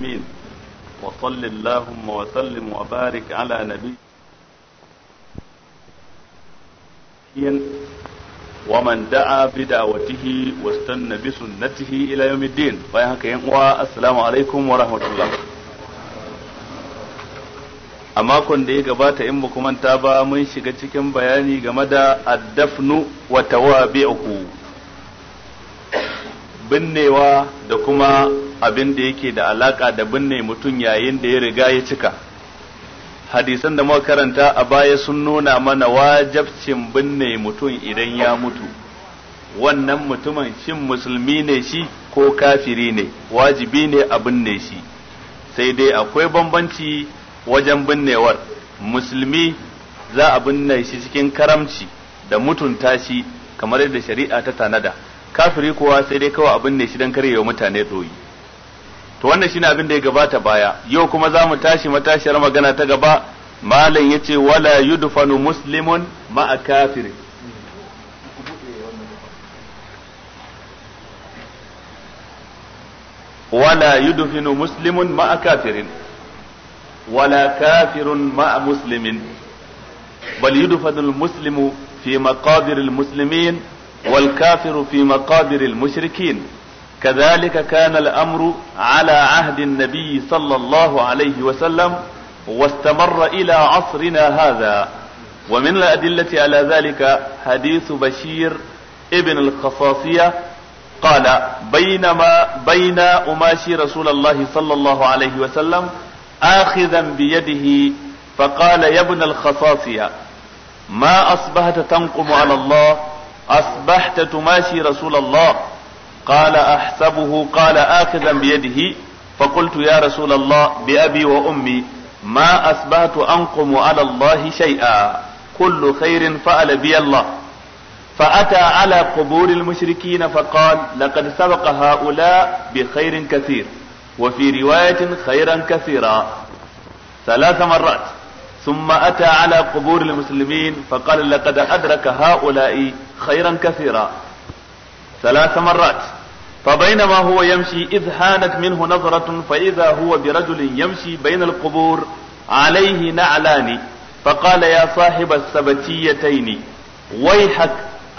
العالمين وصل اللهم وسلم وبارك على نبي ومن دعا بدعوته واستنى بسنته الى يوم الدين bayan haka عليكم uwa الله a makon da ya gabata in muku manta ba mun shiga cikin bayani game da addafnu wa tawabi'uhu binnewa da kuma abin da yake da alaka da binne mutum yayin da ya riga ya cika hadisan da muka karanta a baya sun nuna mana wajabcin binne mutum idan ya mutu wannan mutumin shin musulmi ne shi ko kafiri ne wajibi ne a binne shi sai dai akwai bambanci wajen binnewar musulmi za a binne shi cikin karamci da mutunta shi kamar yadda shari'a ta tanada kafiri kuwa sai dai kawai a binne shi don karewa mutane doyi to wannan shine abin da ya gabata baya yau kuma za mu tashi matashiyar magana ta gaba malam ya ce wala yudfanu muslimun ma'a kafirin wala yudfinu muslimun ma'a kafirin wala kafirun ma'a muslimin bal yudfanu muslimu fi maqabir wal kafiru fi مقابر mushrikin كذلك كان الأمر على عهد النبي صلى الله عليه وسلم واستمر إلى عصرنا هذا ومن الأدلة على ذلك حديث بشير ابن الخصاصية قال بينما بين أماشي رسول الله صلى الله عليه وسلم آخذا بيده فقال يا ابن الخصاصية ما أصبحت تنقم على الله أصبحت تماشي رسول الله قال أحسبه قال آخذا بيده فقلت يا رسول الله بأبي وأمي ما أسبهت أنقم على الله شيئا كل خير فعل بي الله فأتى على قبور المشركين فقال لقد سبق هؤلاء بخير كثير وفي رواية خيرا كثيرا ثلاث مرات ثم أتى على قبور المسلمين فقال لقد أدرك هؤلاء خيرا كثيرا ثلاث مرات فبينما هو يمشي إذ هانت منه نظرة فإذا هو برجل يمشي بين القبور عليه نعلان فقال يا صاحب السبتيتين ويحك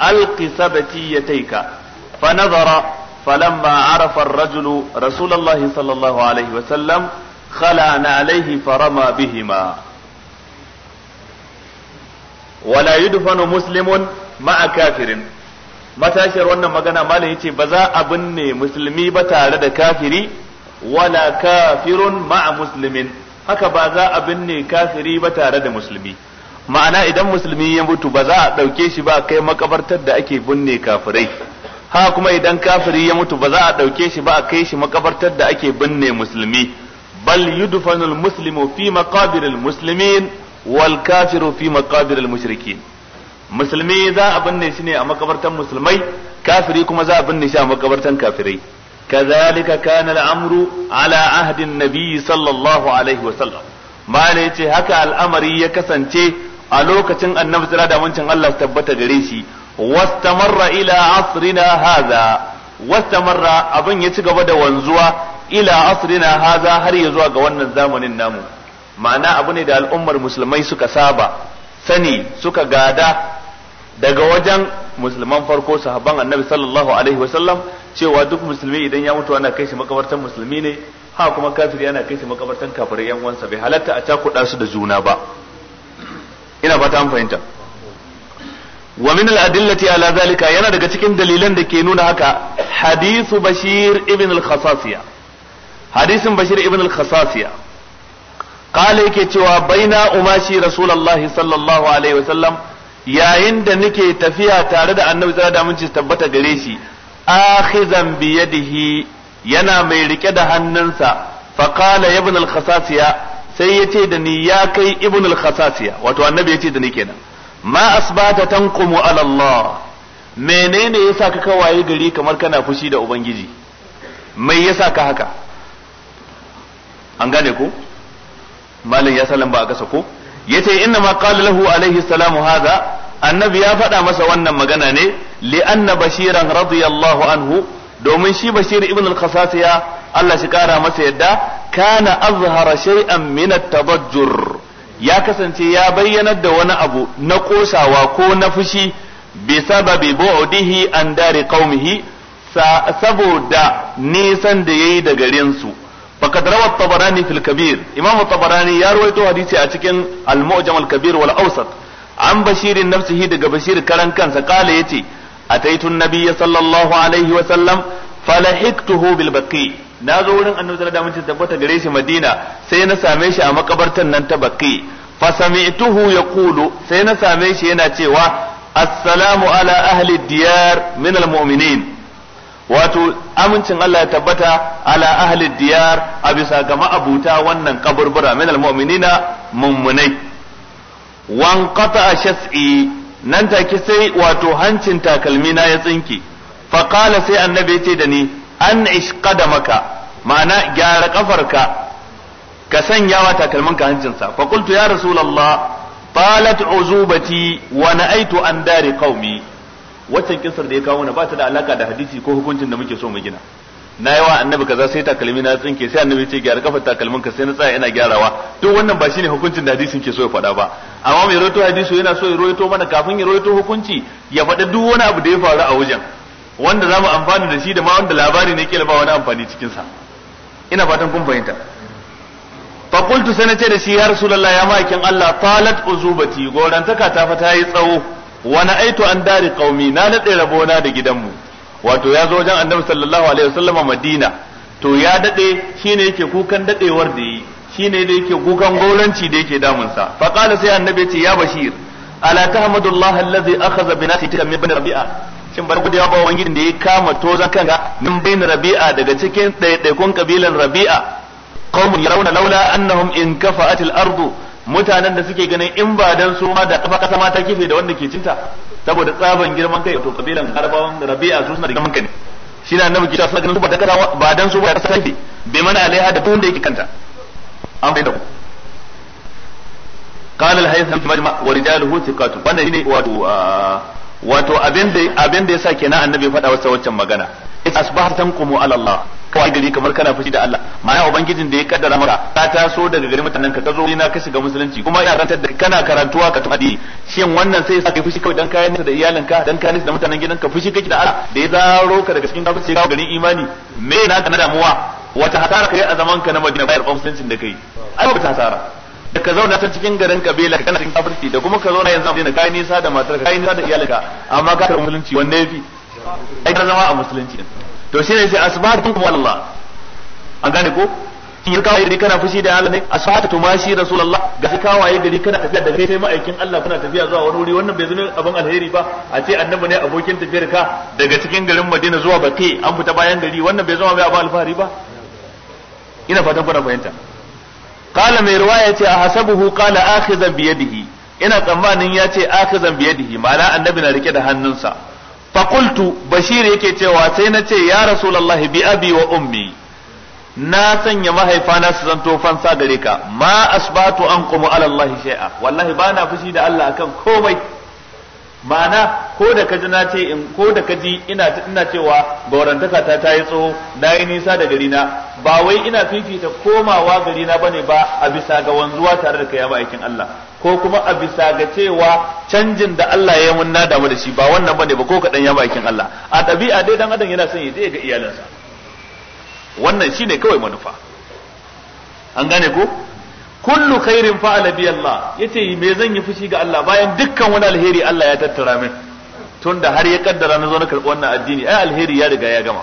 ألق سبتيتيك فنظر فلما عرف الرجل رسول الله صلى الله عليه وسلم خلع عليه فرمى بهما ولا يدفن مسلم مع كافر matashiyar wannan magana malam yace ba za a binne musulmi ba tare da kafiri wala kafirun ma'a muslimin haka ba za a binne kafiri ba tare da musulmi ma'ana idan musulmi ya mutu ba za a ɗauke shi ba kai makabartar da ake binne kafirai ha kuma idan kafiri ya mutu ba za a ɗauke shi ba a kai shi makabartar da ake binne musulmi bal yudfanul muslimu fi maqabiril muslimin wal kafiru fi maqabiril mushrikin musulmi za a binne shi ne a makabartan musulmai kafiri kuma za a binne shi a makabartan kafirai kazalika kana al'amru ala ahdin nabi sallallahu alaihi wa sallam mala yace haka al'amari ya kasance a lokacin annabi sira da wancin Allah tabbata gare shi wastamarra ila asrina hadha wastamarra abin ya ci gaba da wanzuwa ila asrina hadha har ya zuwa ga wannan zamanin namu ma'ana abu ne da al'ummar musulmai suka saba sani suka gada daga wajen musulman farko sahabban annabi sallallahu alaihi wasallam cewa duk musulmi idan ya mutu ana kai shi makabartan musulmi ne ha kuma kafiri ana kai shi makabartan kafirai yan uwansa bai halatta a cakuɗa su da juna ba ina fata an fahimta wa min al-adillati ala zalika yana daga cikin dalilan da ke nuna haka hadithu bashir ibn al-khasasiya hadisin bashir ibn al-khasasiya qala yake cewa baina umashi rasulullahi sallallahu alaihi wasallam yayin da nake tafiya tare da annabi tsara da minci tabbata gare shi akhizan biyadihi, yana mai rike da hannunsa fa qala ibn al khasasiya sai yace da ni ya kai ibn al khasasiya wato annabi yace da ni kenan ma asbata tanqumu ala Allah menene yasa ka waye gari kamar kana fushi da ubangiji mai yasa ka haka an gane ko malin ya salan ba a gasa ko yace inna ma qala lahu alaihi salamu hadha annabi ya faɗa masa wannan magana ne li anna bashiran radiyallahu anhu domin shi bashir ibn al-khasasiya Allah shi kara masa yadda kana azhara shay'an min at-tabajjur ya kasance ya bayyana da wani abu na kosawa ko na fushi bi sababi bu'dihi an dari qaumihi saboda nisan da yayi da garin su faqad rawa at-tabarani fil imam tabarani ya rawaito hadisi a cikin al-mu'jam kabir wal awsat an bashirin nafsihi daga bashir karan kansa kala yace ataitu an-nabiy sallallahu alaihi wa sallam falahiktuhu bil baqi na zo wurin annabi sallallahu alaihi bata gare shi madina sai na same shi a makabartan nan ta baqi fa ya yaqulu sai na same shi yana cewa assalamu ala ahli diyar min al mu'minin wato amincin Allah ya tabbata ala ahli diyar a bisa ga ma'abuta wannan kaburbura min muminina mummunai wan qata shas'i nan take sai wato hancin takalmina ya tsinke fa qala sai annabi yace da ni an maka ma'ana gyara kafarka ka sanya wa takalminka hancinsa fa qultu ya rasulullah talat uzubati wa na'aitu an dari qaumi waccan kisar da ya kawo na ba ta da alaka da hadisi ko hukuncin da muke so mu gina na yawa annabi kaza sai takalmi na tsinke sai annabi ce gyara kafar takalmin ka sai na tsaya ina gyarawa duk wannan ba shine hukuncin da hadisin ke so ya faɗa ba amma mai roito hadisi yana so ya roito mana kafin ya roito hukunci ya faɗa duk wani abu da ya faru a wajen wanda za mu amfana da shi da ma wanda labari ne ke ba wani amfani cikin sa ina fatan kun fahimta fa qultu sai na ce da shi ya rasulullahi ya maikin Allah talat uzubati gorantaka ta fa ta yi tsawo wani aito an dari kaumi na nade rabona da gidanmu wato ya zo wajen annabi sallallahu alaihi wasallam madina to ya dade shine yake kukan daɗewar da yi shine da yake kukan gauranci da yake damunsa fa qala sai annabi ce ya bashir ala tahmadullah allazi akhadha bi nafsika min bin rabi'a shin bar gudewa ba gidan da ya kama tozan kanka min bin rabi'a daga cikin ɗaiɗaikun kabilan rabi'a qaumun yarawna laula annahum in kafa'at al-ardu mutanen da suke ganin in ba dan su ma da kafa kasa ma ta kife da wanda ke cinta saboda tsaban girman kai to kabilan arabawan rabi'a su suna da girman kai shi na annabi kisa suna ganin su ba da kasa ba dan su ba da kasa kife bai mana alaiha da kun da yake kanta an bai da ku قال الهيثم في مجمع ورجاله ثقات وانا شيني واتو آه wato abin da yasa kenan annabi faɗa wasa waccan magana ubangiji asbahar tanqumu ala Allah kai gari kamar kana fushi da Allah ma'ana ubangijin da ya kaddara maka ka taso daga gari mutanen ka ka zo na ka shiga musulunci kuma ina rantar da kana karantuwa ka tafi shin wannan sai sai fushi kawai dan ne da iyalinka dan ne da mutanen gidanka fushi kake da Allah da ya zaro ka daga cikin kafirci ga garin imani me na kana na damuwa wata hasara kai a zaman ka na Madina bayar musuluncin da kai ai ba ta hasara da ka zauna ta cikin garin kabila kana cikin kafirci da kuma ka zauna yanzu a Madina kai nisa da matarka kai nisa da iyalinka amma ka karɓi musulunci wanne yafi ai ka zama a musulunci to shi ne sai asbahatu kuma Allah an gane ko in kawai gari kana fushi da Allah ne ma shi rasulullah ga shi kawai gari kana tafiya da kai sai ma'aikin Allah kuna tafiya zuwa wani wuri wannan bai zama abin alheri ba a ce annabi ne abokin tafiyar ka daga cikin garin Madina zuwa Bakai an fita bayan gari wannan bai zama mai abin alfahari ba ina fatan kuna fahimta qala mai riwaya ce a hasabuhu qala akhizan biyadihi ina tsammanin ya ce akhizan biyadihi ma'ana annabi na rike da hannunsa fakultu bashir yake cewa sai na ce ya rasu rasulullahi bi abi wa ummi na sanya mahaifana su zanto fansa gare ka ma asbatu an kuma alallahi shay'a wallahi bana fushi da Allah akan komai ma'ana ko da kaji na ce in ko da kaji ina ina cewa gaurantaka ta ta yi tsoho na yi nisa da gari ba wai ina fifita komawa gari na bane ba a bisa ga wanzuwa tare da kai aikin Allah ko kuma a bisa ga cewa canjin da Allah ya mun na damu da shi ba wannan bane ba ko kadan ya aikin Allah a dabia dai dan adam yana son ya je ga iyalansa wannan shine kawai manufa an gane ko kullu khairin fa'ala bi Allah yace me zan yi fushi ga Allah bayan dukkan wani alheri Allah ya tattara min tunda har ya kaddara na zo na karɓi wannan addini ai alheri ya riga ya gama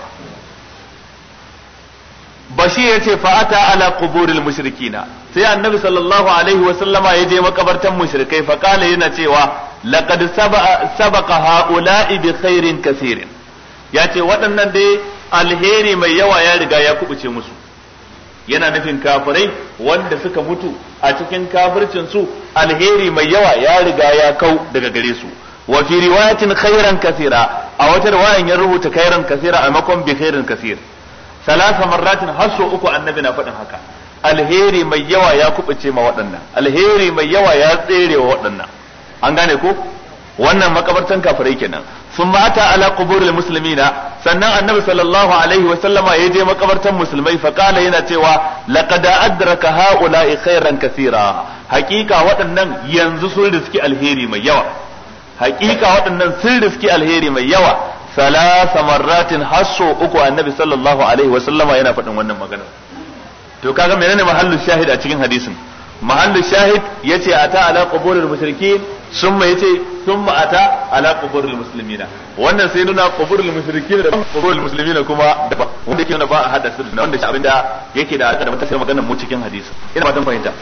bashi yace fa'ata ala quburil mushrikina sai annabi sallallahu alaihi wa sallama ya je makabartan mushrikai fa kala yana cewa laqad sabaqa haula'i bi khairin kaseerin yace waɗannan dai alheri mai yawa ya riga ya kubuce musu yana nufin kafirai wanda suka mutu a cikin kafircin su alheri mai yawa ya riga ya kau daga gare su wa fi riwayatin khairan kathira a wata riwayan ya rubuta khairan kathira a makon bi khairin kathir salasa marratin har so uku annabi na faɗin haka alheri mai yawa ya kubuce ma waɗannan alheri mai yawa ya tsere wa waɗannan an gane ko wannan makabartan kafirai kenan sun mata ala quburil muslimina sannan annabi sallallahu alaihi wa sallama ya je makabartan musulmai fa kala yana cewa laqad adraka haula'i khairan kaseera hakika waɗannan yanzu sun riski alheri mai yawa hakika waɗannan sun riski alheri mai yawa salasa marratin hasso uku annabi sallallahu alaihi wa sallama yana faɗin wannan magana to kaga menene mahallu shahid a cikin hadisin mahallu shahid yace ata ala quburil mushrikin sun mai ce sun ma'ata ala kuburul muslimina wannan sai nuna kuburul mushrikina da kuburul muslimina kuma daban wanda yake nuna ba a hada sirri wanda shi abinda yake da da mutasir maganar mu cikin hadisi ina don fahimta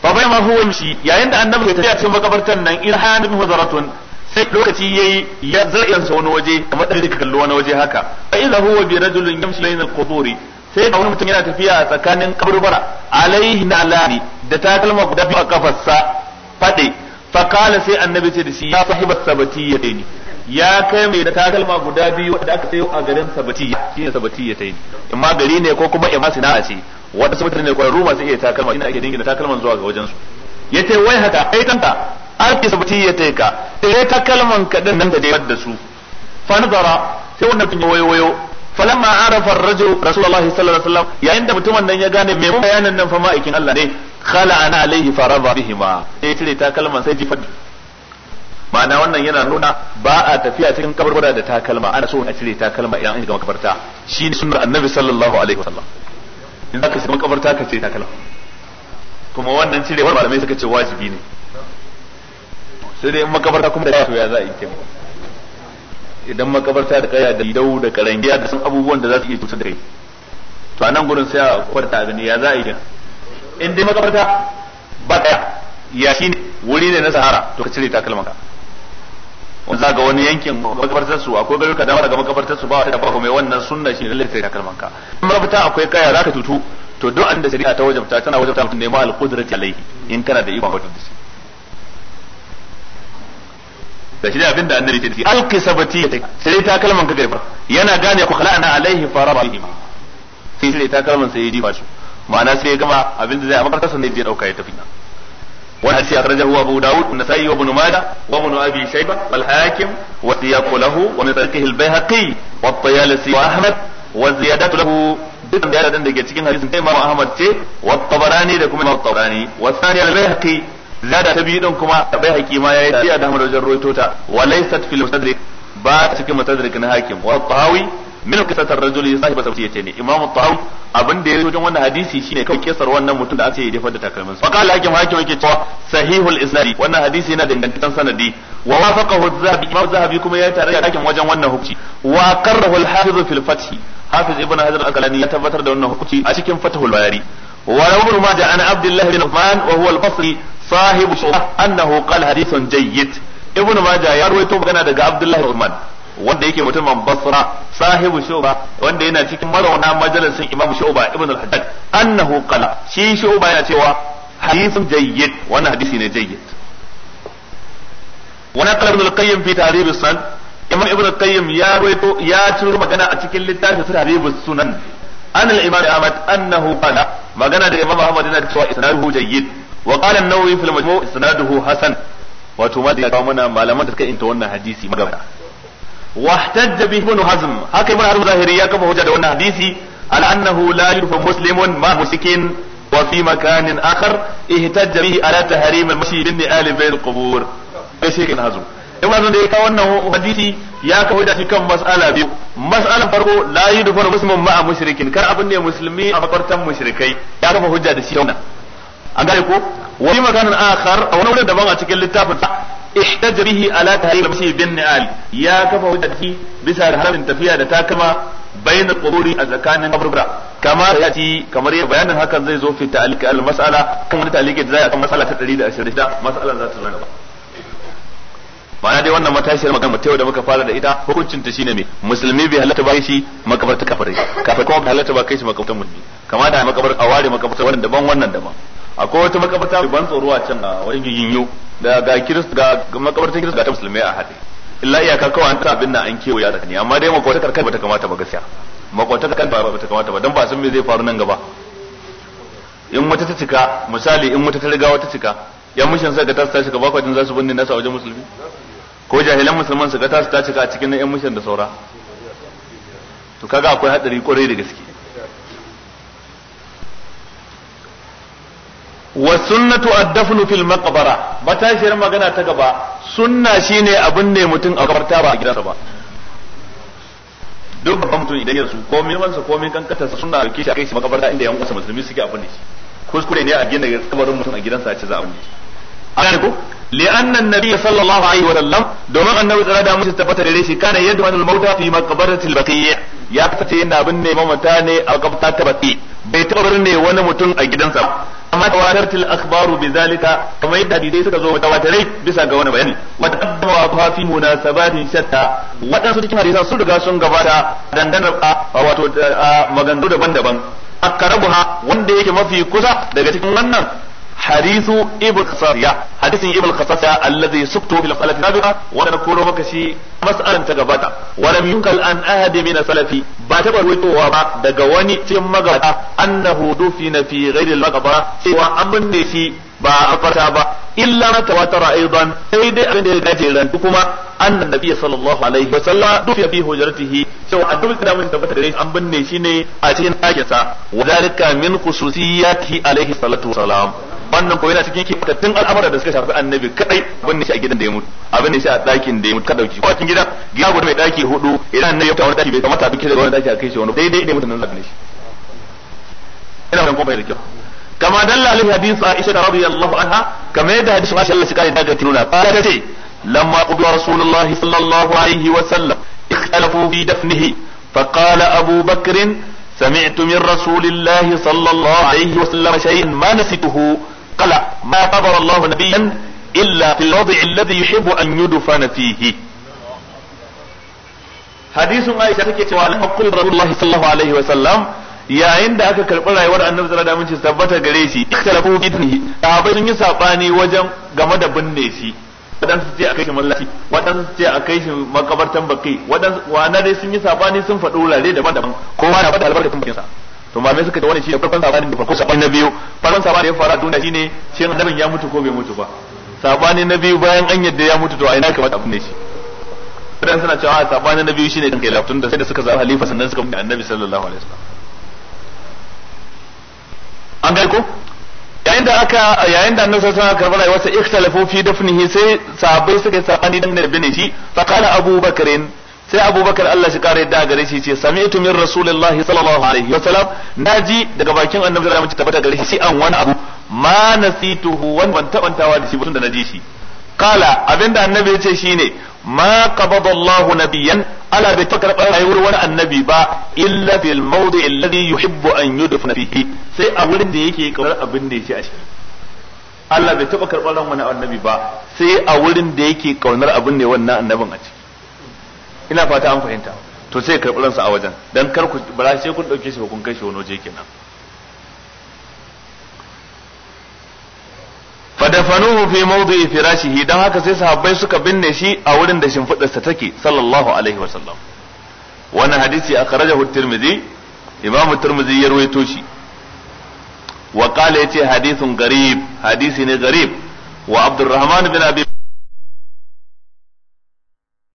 fa bai ma huwa shi yayin da annabi ya tafiya cikin makabartan nan in hanin huzaratun sai lokaci yayi ya zariyar sa wani waje kamar da yake kallo wani waje haka fa idza huwa bi rajulin yamshi bayna al-quburi sai ga wani mutum yana tafiya tsakanin kaburbara alaihi na alani da takalma guda biyu a kafarsa fade fa sai annabi ce da shi ya sahiba sabatiyya ne ya kai mai da takalma guda biyu da aka sayo a garin sabatiyya ne sabatiyya ta ne imma gari ne ko kuma imma sana'a ce wanda sabatar ne Ruma sai iya takalma shine ake dingina takalman zuwa ga wajen su yace wai haka ai tanta arki sabatiyya ta ka sai takalman ka din nan da dai da su fa nazara sai wannan tun wayo wayo falamma arafa ar-rajul rasulullahi sallallahu alaihi wasallam yayin da mutumin nan ya gane me bayanan nan fa ma'aikin Allah ne Khala khala'ana alaihi faraba bihima sai cire kalmar sai jifa ma'ana wannan yana nuna ba a tafiya cikin kaburbura da takalma ana so a cire takalma idan an shiga makabarta shine sunnar annabi sallallahu alaihi wasallam in zaka shiga makabarta ka cire takalma kuma wannan wannan malamai suka ce wajibi ne sai dai in makabarta kuma da to ya za a yi ke idan makabarta da kaya da dau da karangiya da sun abubuwan da za su iya cutar da kai to a nan gurin sai a kwarta a gani ya za a yi in dai makabarta ba daya ya ne wuri ne na sahara to ka cire ka wanda za ga wani yankin makabartar su akwai garuka da daga makabartar su ba ta ba mai wannan sunna ne lalle sai takalman ka in mafita akwai kaya zaka tutu to duk an da shari'a ta wajabta tana wajabta mutum nema al-qudrati alaihi in kana da ikon shi da shi da shi abinda annabi ta ce al-qisabati sai takalman ka gaiba yana gane ku khala'na alaihi farabihim sai sai takalman sai yi ba shi ma'ana sai ya gama abinda zai a makarantar sannan zai dauka ya tafi a sai akhrajahu Abu Dawud wa Nasa'i wa Ibn Majah wa Ibn Abi Shayba wal Hakim wa siyaqu lahu wa min tariqihi al-Baihaqi wa at-Tayalisi wa Ahmad wa ziyadatu lahu dukkan da da ke cikin hadisin Imam Ahmad ce wa Tabarani da kuma Tabarani wa Sani al-Baihaqi zada ta biyu din kuma Baihaqi ma yayi da Ahmad wajen ruwaito ta wa laysat fil mustadrik ba cikin mustadrik na Hakim wa Tahawi min qisatar rajuli sahibi sabti yace ne imamu ta'am abin da yayi wajen wannan hadisi shine kai kisar wannan mutum da ake yi dafa da takalmin sa faqala hakim hakim yake cewa sahihul isnadi wannan hadisi yana da ingantaccen sanadi wa wafaqahu az-zahabi imam zahabi kuma ya tare da hakim wajen wannan hukunci wa qarrahu al-hafiz fil fath hafiz ibn hajar al-asqalani ya tabbatar da wannan hukunci a cikin fathul bayari wa ibn majah ana abdullah bin uthman wa huwa al-basri sahibu shuhah annahu qala hadithun jayyid ibn majah ya rawaito magana daga abdullah bin uthman wanda yake mutumin basra sahibu shuba wanda yana cikin marauna majalisin imam shuba ibn al-haddad annahu qala shi shuba yana cewa hadithun jayyid wannan hadisi ne jayyid wani qala ibn al-qayyim fi tarib sunan imam ibn al-qayyim ya rawaito ya ciro magana a cikin littafin tarib as-sunan an al-imam ahmad annahu qala magana da imam ahmad yana cewa isnaduhu jayyid wa qala an-nawawi fil majmu' isnaduhu hasan wato ma da ya kawo mana malaman da suka inta wannan hadisi magana واحتج به ابن حزم هكا ابن حزم ظاهري يا كما وجد وانا حديثي على انه لا يرفع مسلم مع مسكين وفي مكان اخر احتج به على تحريم المشي بالنئال بين القبور ايش ابن حزم ابن حزم ده كان wannan hadisi ya kawo da kan mas'ala biyu mas'alan farko la yudfaru muslimun ma'a mushrikin kar abin ne musulmi a makartan mushrikai ya kafa hujja da an gane ko wani maganin akhar a wani wurin daban a cikin littafin ihtaj bihi ala tahrim bi bin al ya kafa hujjati bisa da tafiya da takama bayin quburi a tsakanin kaburbura kama yati kamar ya bayanin hakan zai zo fi ta'liq al mas'ala kuma wani ta'liq da zai akan mas'ala ta 126 mas'alan za ta zo ma'ana dai wannan matashiyar magana mutai da muka fara da ita hukuncin ta shine me musulmi bai halatta ba shi makabarta kafare. Kafare kuma bai halatta ba kai shi makabar musulmi kama da makabar aware makabar wannan daban wannan daban akwai wata makabarta ban tsoro a can a wani yinyo da ga kirist ga makabartan kirist ga ta musulmai a haɗe illa iyaka kawai an ta abin nan an kewaya ya tsakani amma dai makwatakar ba bata kamata ba gaskiya makwatakar ba bata kamata ba dan ba san me zai faru nan gaba in wata ta cika misali in wata ta riga wata cika ya mushin sai ga ta tashi ga bakwatin za su binne nasa a wajen musulmi ko jahilan musulman su ga ta su ta cika a cikin yan mushin da saura to kaga akwai hadari kwarai da gaske wa sunnatu ad-dafnu fil maqbara matashiyar magana ta gaba sunna shine abin ne mutum a kabarta ba a gidansa ba duk babban mutum idan ya Ko komai wansa komai kankatarsa sunna da kishi a kai shi makabarta inda yan uwansa musulmi suke abin ne kuskure ne a gina kabarin mutum a gidansa a ce za a mutu an ko لأن النبي صلى الله عليه وسلم دوما النبي صلى da عليه وسلم da shi kana yadda al-mauta fi maqbarati al ya kace yana binne mamata ne a kabarta ta baqi bai taɓa ne wani mutum a gidansa amma tawatartil akhbaru bi zalika kamar yadda hadisai suka zo tawatarai bisa ga wani bayani wa taqaddama fa fi munasabatin shatta wadansu cikin hadisan sun riga sun gabata a wato maganganu daban-daban akarabuha wanda yake mafi kusa daga cikin wannan hadithu ibn khasasiya hadisin ibn khasasiya alladhi suktu fil qalbi sabiqa wa ana an ahad min salafi ba ta barwaitowa ba daga wani cikin magabata annahu dufina cewa an binne shi ba ba illa na tawatara aidan sai dai abin da ya dace kuma annan nabiyyi sallallahu cewa addul an binne shi ne a cikin wannan ko yana cikin yake fatattun al'amura da suka shafi annabi kadai wannan shi a gidan da ya mutu abin da shi a dakin da ya mutu ka dauki ko cikin gida gida guda mai daki hudu idan annabi ya fita wani ɗaki bai kamata a duke daga wani ɗaki a kai shi wani daidai ne mutanen zaɓi ne shi ina ban kuma da kyau kama dalla alaihi hadith Aisha radhiyallahu anha kama yadda hadith Aisha Allah shi kai daga tinuna ta ce lamma qubila rasulullahi sallallahu alaihi wa sallam ikhtalafu fi dafnihi فقال أبو بكر سمعت من رسول الله صلى الله عليه وسلم شيئا ما نسيته قال ما قبر الله نبيا إلا في الوضع الذي يحب أن يدفن فيه hadisin Aisha take cewa lan hakul الله صلى الله عليه وسلم yayin da aka karɓi rayuwar Annabi sallallahu alaihi wasallam tabbata gare shi ikhtalafu bidnihi sun yi sabani wajen game ce a kaishin mallaki wadan su ce a kaishin makabartan baki wadan wa na dai sun yi sabani sun faɗo lare daban-daban kowa na faɗa bakin sa to malamai suka ce wannan shine farkon sabanin da farko sabanin na biyu farkon sabanin ya fara a duniya shine shin annabin ya mutu ko bai mutu ba sabanin na biyu bayan an yadda ya mutu to a ina kamata abin ne shi dan suna cewa sabanin na biyu shine kan kai laftun da sai da suka zaɓi halifa sannan suka mutu annabi sallallahu alaihi wasallam an ga ko yayin da aka yayin da annabi sallallahu alaihi wasallam karbar wasa ikhtalafu fi dafnihi sai sahabbai suka yi sabani dangane da binin shi fa qala abubakarin sai abubakar Allah shi kare yadda gare shi ce sami'tu min rasulillahi sallallahu alaihi wa sallam naji daga bakin annabi da mace tabbata gare shi sai an wani abu ma nasituhu wan ban tabantawa da shi mutum da naji shi kala abinda annabi ya ce shine ma qabada Allahu nabiyyan ala bi takarba rayuwar wani annabi ba illa bil mawdi alladhi yuhibbu an yudfana fihi sai a wurin da yake kaurar abin da yake a ciki Allah bai taba karɓar wani annabi ba sai a wurin da yake kaunar abin ne wannan annabin a ciki ina fata an fahimta to sai karɓi ransa a wajen dan kar ku bara sai kun ɗauke shi kun kai shi wani waje kenan fadafanuhu fi mawdi'i firashihi dan haka sai sahabbai suka binne shi a wurin da sa take sallallahu alaihi wasallam wannan hadisi akhrajahu at-tirmidhi imamu at-tirmidhi ya rawaito shi wa qala yace hadithun garib hadisi ne garib wa abdurrahman bin abi